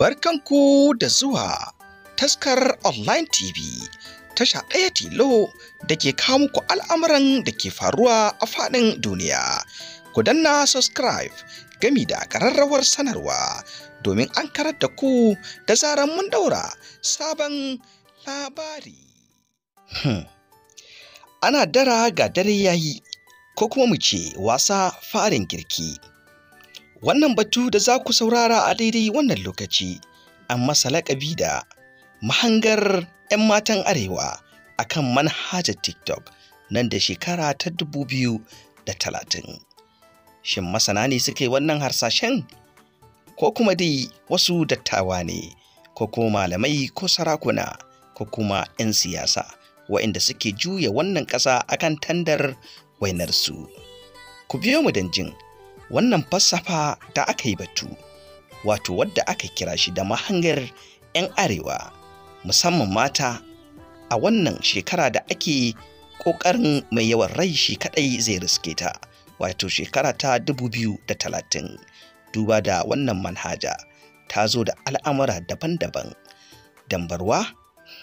barkanku da zuwa taskar online tv tasha ɗaya tilo da ke kawo muku al'amuran da ke faruwa a faɗin duniya ku danna subscribe gami da ƙararrawar sanarwa domin an karar da ku da zaran mun daura sabon labari hmm. ana dara ga dare yayi ko kuma mu ce wasa farin girki Wannan batu da za ku saurara a daidai wannan lokaci an masa laƙabi da mahangar 'yan matan Arewa a kan manhajar TikTok nan da shekara ta dubu biyu da talatin. Shin masana ne suke wannan harsashen? Ko kuma dai wasu dattawa ne, ko kuma malamai ko sarakuna, ko kuma 'yan siyasa, waɗanda suke juya wannan ƙasa akan tandar wainarsu. Ku biyo mu don jin wannan fassafa da aka yi batu wato wadda aka kira shi da mahangar 'yan arewa musamman mata a wannan shekara da ake ƙoƙarin mai yawan rai shi kaɗai zai riske ta wato shekara ta 2030 duba da wannan manhaja ta zo da al'amura daban-daban dambarwa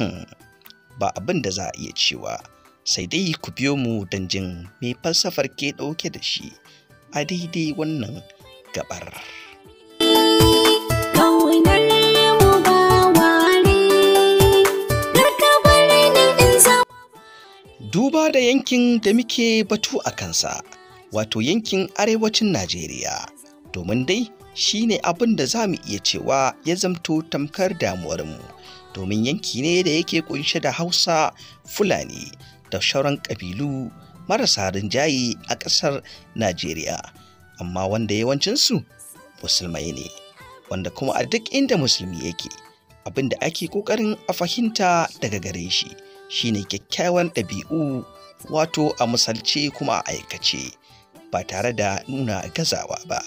hmm. ba abin da za a iya cewa sai dai ku biyo mu don jin mai falsafar ke ɗauke da shi a daidai wannan gabar. Duba da yankin da muke batu a kansa, wato yankin arewacin Najeriya, domin dai shi ne abin da za mu iya cewa ya zamto tamkar damuwarmu, domin yanki ne da yake kunshe da Hausa, Fulani da shauran ƙabilu marasa rinjaye a ƙasar Najeriya, amma wanda yawancinsu musulmai ne, wanda kuma a duk inda musulmi yake abin da ake ƙoƙarin a fahimta daga gare shi shine kyakkyawan ɗabi'u wato a misalce kuma a aikace ba tare da nuna gazawa ba.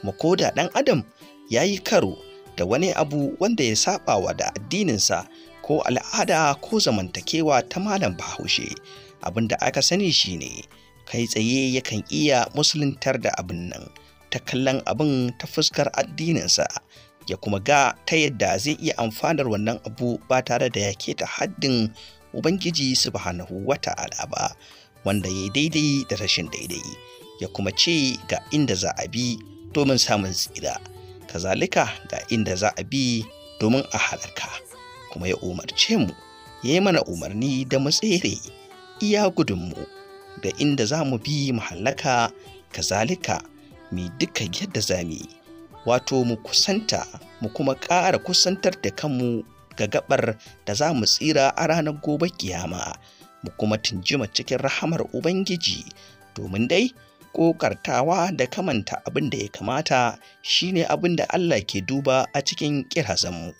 Kuma ko da ɗan adam ya yi karo da wani abu wanda ya saɓawa da addininsa ko al'ada ko zamantakewa ta malam bahaushe. abin da aka sani shine kai tsaye yakan iya musuluntar da abin nan ta kallon abin ta fuskar addininsa ya kuma ga ta yadda zai iya amfanar wannan abu ba tare da yake ta haddin ubangiji subhanahu wata'ala ba wanda ya daidai da rashin daidai ya kuma ce ga inda za a bi domin samun tsira kazalika ga inda za a bi domin a halarka, kuma ya umarce mu ya yi mana umarni da mu iya gudunmu da inda za mu bi mu hallaka kazalika mu duka yadda za mu wato mu kusanta mu kuma ƙara kusantar da kanmu ga gabar da za mu tsira a ranar gobe kiyama mu kuma tunjima cikin rahamar ubangiji domin dai ƙoƙartawa da kamanta abin da ya kamata shine abin da Allah ke duba a cikin kirazanmu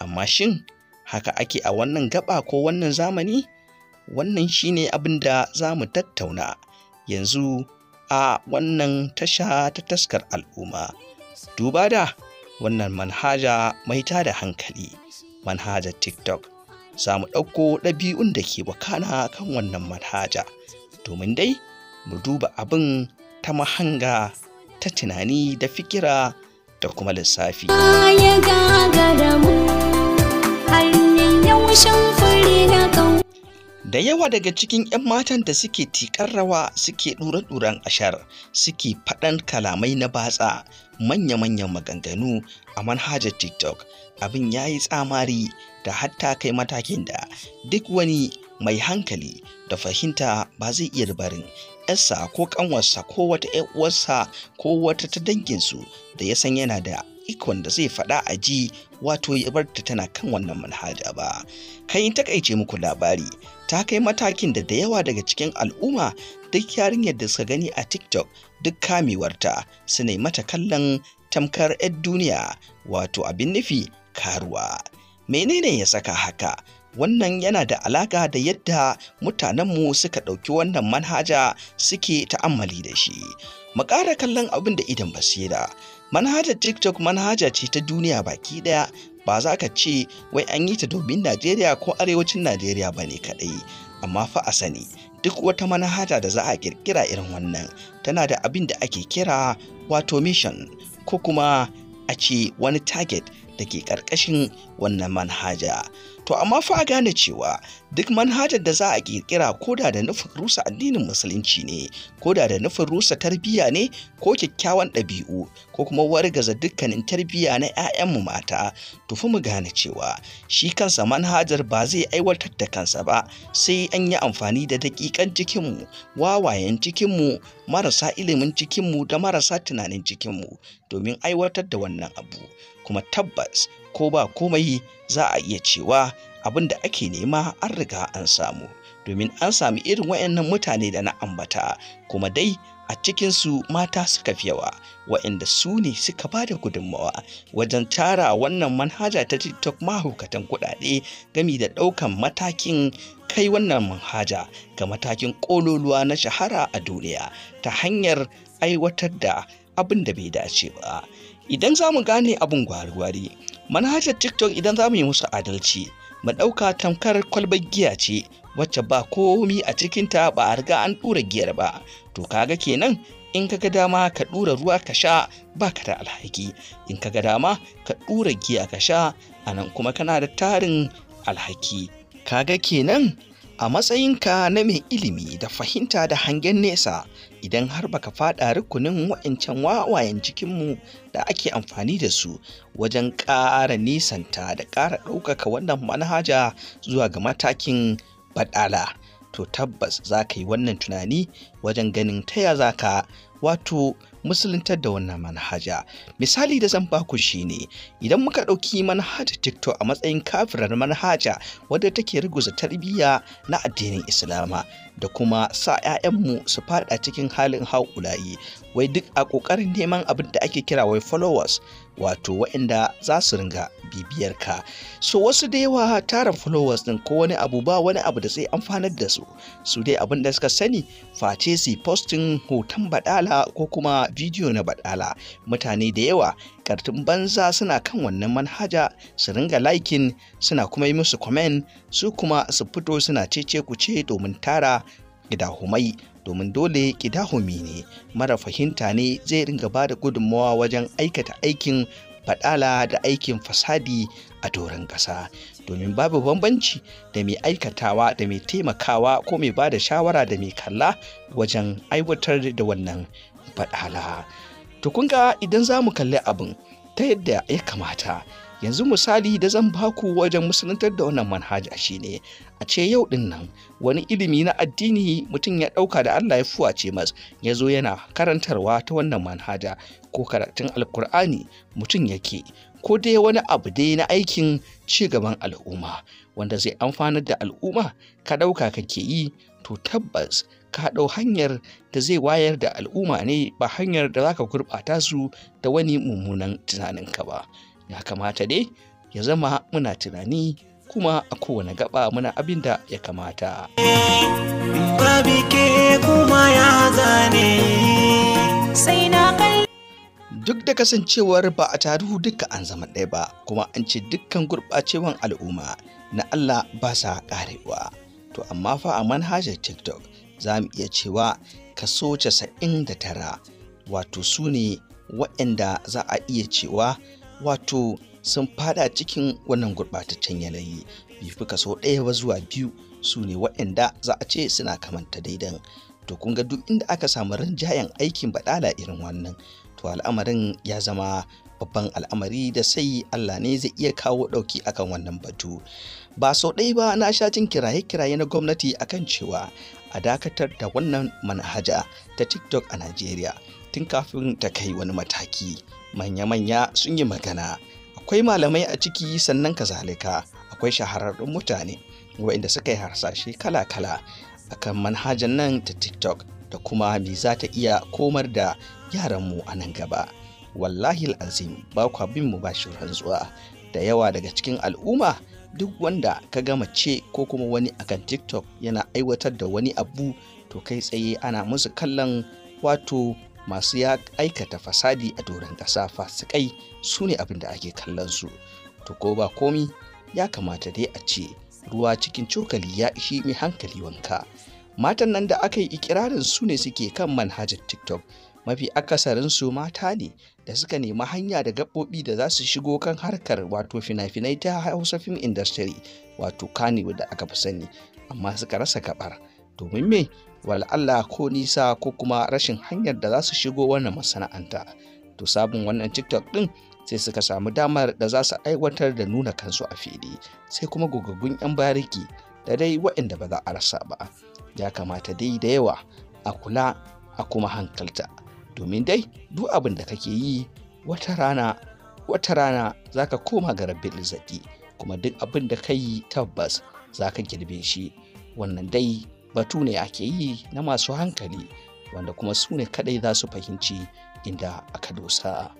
amma shin haka ake a wannan gaba ko wannan zamani wannan shine abin da za mu tattauna yanzu a wannan tasha ta taskar al'umma duba da wannan manhaja mai da hankali manhajar tiktok za mu ɗauko ɗabi'un da ke wakana kan wannan manhaja domin dai mu duba abin ta mahanga ta tunani da fikira da kuma lissafi ya gagara mu yawon shan fari na da yawa daga cikin 'yan matan da suke tikar rawa suke ɗura-ɗuran ashar suke faɗan kalamai na batsa manya-manyan maganganu a manhajar tiktok abin ya yi tsamari da hatta kai matakin da duk wani mai hankali da fahimta ba zai iya barin yarsa ko ƙanwarsa ko wata uwarsa ko wata ta danginsu da ya san yana da ikon da zai faɗa a ji wato ya bar ta tana kan wannan manhaja ba kai in takaice muku labari ta kai matakin da da yawa daga cikin al'umma duk yarinyar da suka gani a tiktok duk kamewarta su ne mata kallon tamkar 'yar duniya wato abin nufi karuwa menene ya saka haka wannan yana da alaka da yadda mutanenmu suka ɗauki wannan manhaja suke ta'ammali da shi mu kallon abin da idan basira manhajar tiktok manhaja ce ta duniya baki ɗaya ba za ka ce wai an yi ta domin najeriya ko arewacin najeriya ba ne kaɗai amma fa a sani duk wata manhaja da za a kirkira irin wannan tana da abin da ake kira wato mission ko kuma a ce wani target da ke ƙarƙashin wannan manhaja. To amma fa a gane cewa duk manhajar da za a ƙirƙira koda da nufin rusa addinin musulunci ne, koda da nufin rusa tarbiyya ne ko kyakkyawan ɗabi'u ko kuma wargaza dukkanin tarbiyya na 'ya'yanmu mata, to fa mu gane cewa shi kansa manhajar ba zai aiwatar da kansa ba sai an yi amfani da daƙiƙan cikinmu, wawayen cikinmu, marasa ilimin cikinmu da marasa tunanin cikinmu domin aiwatar da wannan abu. kuma tabbas ko ba komai za a iya cewa abin da ake nema an riga an samu domin an sami irin wayannan mutane da na ambata kuma dai a cikinsu mata suka fi yawa wayanda su ne suka ba da gudunmawa wajen tara wannan manhaja ta tiktok mahaukatan kudade gami da ɗaukan matakin kai wannan manhaja ga matakin ƙololuwa na shahara a duniya ta hanyar aiwatar da abin da bai dace ba idan za mu gane abin gwari-gwari manhajar tiktok idan za mu yi musu adalci mu ɗauka tamkar kwalbar giya ce wacce ba komi a cikinta ba a riga an ɗura giyar ba to kaga kenan in ka ga dama ka ɗura ruwa ka sha ba ka da alhaki in ka ga dama ka ɗura giya ka sha a nan kuma kana da tarin alhaki kaga kenan A matsayinka na mai ilimi da fahimta da hangen nesa idan har baka fada rukunin wa'ancan wawayen jikinmu da ake amfani da su wajen ƙara nisanta da ƙara ɗaukaka wannan manhaja zuwa ga matakin baɗala to tabbas za ka yi wannan tunani wajen ganin taya ya za ka wato musuluntar da wannan manhaja misali da zan baku shine idan muka ɗauki manhaja tiktok a matsayin kafirar manhaja wadda take ruguza tarbiyya na addinin islama da kuma sa 'ya'yanmu su fada cikin halin haƙulayi wai duk a ƙoƙarin neman abin da ake kira wai followers wato waɗanda za su ringa bibiyar ka so wasu da yawa tarin followers din ko wani abu ba wani abu da sai amfanar da su su dai abin da suka sani face su postin hoton badala ko kuma bidiyo na badala mutane da yawa kartun banza suna kan wannan manhaja su ringa likin suna kuma yi musu comment su kuma su fito suna cece ku ce domin tara gida humai. domin dole kidahumi ne mara fahimta ne zai ringa ba da gudunmawa wajen aikata aikin fadala da aikin fasadi a doron ƙasa domin babu bambanci da mai aikatawa da mai taimakawa ko mai ba da shawara da mai kalla wajen aiwatar da wannan fadala to idan za mu kalli abin ta yadda ya kamata yanzu misali da zan baku wajen musuluntar da wannan manhaja shine a ce yau din nan wani ilimi na addini mutum ya ɗauka da Allah ya fuwace mas ya zo yana karantarwa ta wannan manhaja ko karatun alkur'ani mutum yake ko dai wani abu dai na aikin ci gaban al'umma wanda zai amfanar da al'umma ka ɗauka kake yi to tabbas ka ɗau hanyar da zai wayar da al'umma ne ba hanyar da za ka gurɓata su da wani mummunan tunaninka ba. ya kamata dai ya zama muna tunani kuma a kowane gaba muna abin da ya kamata duk da kasancewar ba a taruhu duka an zama ɗaya ba kuma an ce dukkan gurɓacewan al'umma na Allah ba sa ƙarewa to amma fa a manhajar tiktok za mu iya cewa kaso 99 wato su ne waɗanda za a iya cewa wato sun fada cikin wannan gurɓataccen yanayi bai kaso ɗaya ba zuwa biyu su ne waɗanda za a ce suna kamanta daidan to kun ga duk inda aka samu rinjayen aikin baɗala irin wannan to al'amarin ya zama babban al'amari da sai Allah ne zai iya kawo ɗauki akan wannan batu ba sau ɗaya ba na sha jin kiraye-kiraye na gwamnati akan cewa a dakatar da wannan manhaja ta tiktok a najeriya tun kafin ta kai wani mataki manya-manya sun yi magana akwai malamai a ciki sannan kazalika akwai shahararrun mutane waɗanda suka yi harsashe kala-kala akan manhajan nan ta tiktok da kuma me za ta iya komar da yaranmu a nan gaba wallahi azim ba kwa bin mu bashi rantsuwa da yawa daga cikin al'umma duk wanda ka gama ce ko kuma wani akan tiktok yana aiwatar da wani abu to kai tsaye ana musu kallon wato masu ya aikata fasadi a doron ƙasa fasikai su ne abin da ake kallon su to ko ba komi ya kamata dai a ce ruwa cikin cokali ya ishi mai hankali wanka matan nan da aka yi ikirarin su ne suke kan manhajar tiktok mafi akasarin su mata ne da suka nemi hanya da gaɓoɓi da za su shigo kan harkar wato fina-finai ta hausa film industry wato kanewa da aka fi sani amma suka rasa gabar domin me Allah ko nisa ko kuma rashin hanyar da za su shigo wannan masana'anta to sabon wannan tiktok ɗin sai suka samu damar da za su aiwatar da nuna kansu a fili sai kuma gugugun 'yan bariki da dai waɗanda ba za a rasa ba ya kamata dai da yawa a kula a kuma hankalta domin dai duk abin da kake yi wata rana wata rana za ka koma ga rabin kuma duk abin da ka yi tabbas za ka girbe shi wannan dai batu ne ake yi na masu hankali wanda kuma su ne kadai za su fahimci inda aka dosa.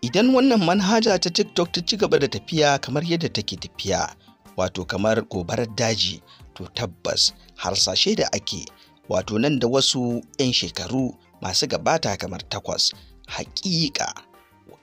Idan wannan manhaja ta TikTok ta ci gaba da tafiya kamar yadda take tafiya, wato kamar gobarar daji, to tabbas harsashe da ake, wato nan da wasu 'yan shekaru masu gabata kamar takwas, hakika,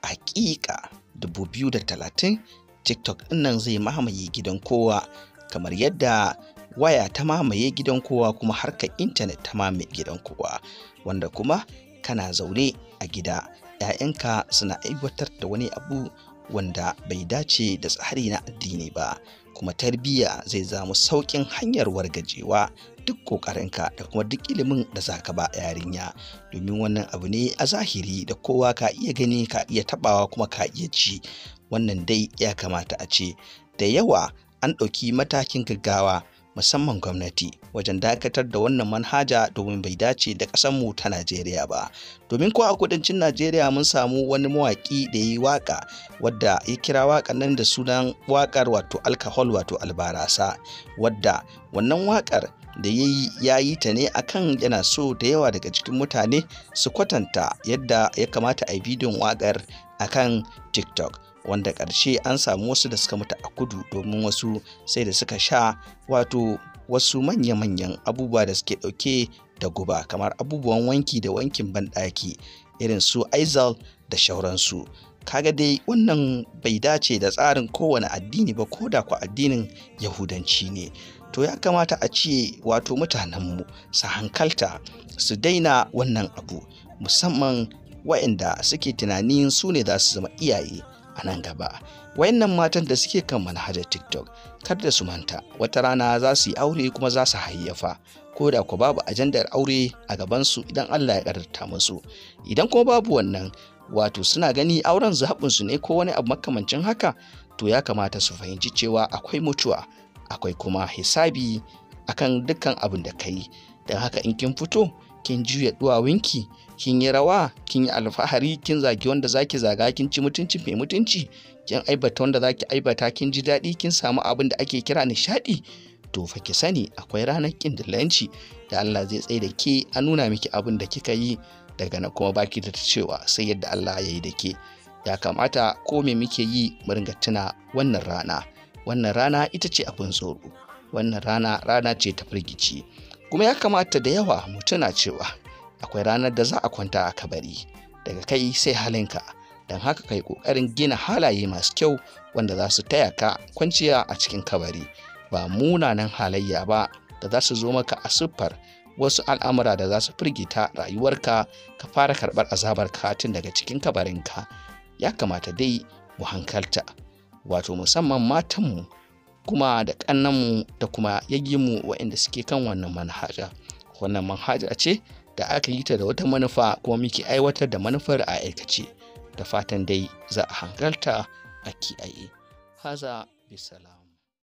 hakika 2030 tiktok nan zai mamaye gidan kowa kamar yadda waya ta mamaye gidan kowa kuma harkar intanet ta mamaye gidan kowa wanda kuma kana zaune a gida 'ya'yanka suna aiwatar da wani abu wanda bai dace da tsari na addini ba kuma tarbiyya zai zamu sauƙin hanyar wargajewa duk ƙoƙarinka da kuma duk ilimin da za ka ba yarinya domin wannan abu ne a zahiri da kowa ka iya gani ka iya tabawa kuma ka iya ci wannan dai ya kamata a ce da yawa an ɗauki matakin gaggawa musamman gwamnati wajen dakatar da wannan manhaja domin bai dace da mu ta Najeriya ba. Domin kuwa a kudancin Najeriya mun samu wani mawaƙi da ya yi waƙa wadda ya kira waƙa nan da sunan waƙar wato alkahol wato albarasa wadda wannan waƙar da ya yi ta ne akan yana so da yawa daga cikin mutane su kwatanta yadda ya kamata a yi bidiyon waƙar akan TikTok. wanda ƙarshe an samu wasu da suka mutu a kudu domin wasu sai da suka sha wato wasu manya-manyan abubuwa da suke ɗauke da guba kamar abubuwan wanki da wankin banɗaki irin su aizal da shauransu kaga dai wannan bai dace da tsarin kowane addini ba ko da ku addinin yahudanci ne to ya kamata a ce wato mutanenmu su hankalta su daina wannan abu musamman waɗanda suke tunanin su ne za su zama iyaye a nan gaba wayannan matan da suke kan manhajar tiktok kar da su manta wata rana za su yi aure kuma za su hayyafa ko da ku babu ajandar aure a gabansu idan allah ya karanta musu idan kuma babu wannan wato suna gani auren zaɓinsu ne ko wani abu makamancin haka to ya kamata su fahimci cewa akwai mutuwa akwai kuma hisabi akan dukkan abin da ka yi don haka in kin fito kin juya duwawinki kin yi rawa kin yi alfahari kin zagi wanda zaki zaga kin ci mutunci mai mutunci kin aibata wanda zaki aibata kin ji daɗi kin samu abin da ake kira nishaɗi to fa ki sani akwai ranar kin dillanci da Allah zai tsaye da ke a nuna miki abin da kika yi daga na kuma baki da ta cewa sai yadda Allah ya yi da ke ya kamata ko me muke yi mu ringa tuna wannan rana wannan rana ita ce abin tsoro wannan rana rana ce ta firgici kuma ya kamata da yawa mu tuna cewa akwai ranar da za a kwanta a kabari daga kai sai halinka don haka kai ƙoƙarin gina halaye masu kyau wanda za su taya ka kwanciya a cikin kabari ba munanan halayya ba da za su zo maka a siffar wasu al'amura da za su firgita rayuwarka ka fara karɓar azabar katin daga cikin kabarinka ya kamata dai mu hankalta wato musamman matanmu kuma da ƙannanmu da kuma mu waɗanda suke kan wannan manhaja wannan manhaja ce da aka yi ta da wata manufa kuma muke aiwatar da manufar a aikace da fatan dai za a hankalta a kiyaye haza bisala